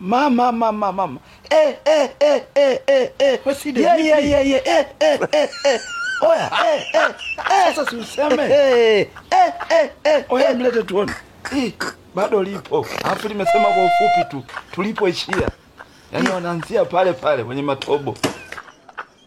mama mama mama eh eh eh eh eh eh yeah yeah yeah yeah eh eh eh eh oya eh eh eh sasa useme eh, eh eh eh eh oya mlete tuone bado lipo afu limesema kwa ufupi tu tulipoishia yani wanaanzia pale pale kwenye matobo